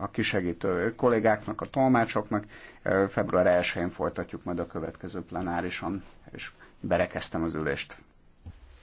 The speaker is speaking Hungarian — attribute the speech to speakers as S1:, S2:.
S1: a kisegítő kollégáknak, a tolmácsoknak. Február 1-én folytatjuk majd a következő plenárison, és berekeztem az ülést.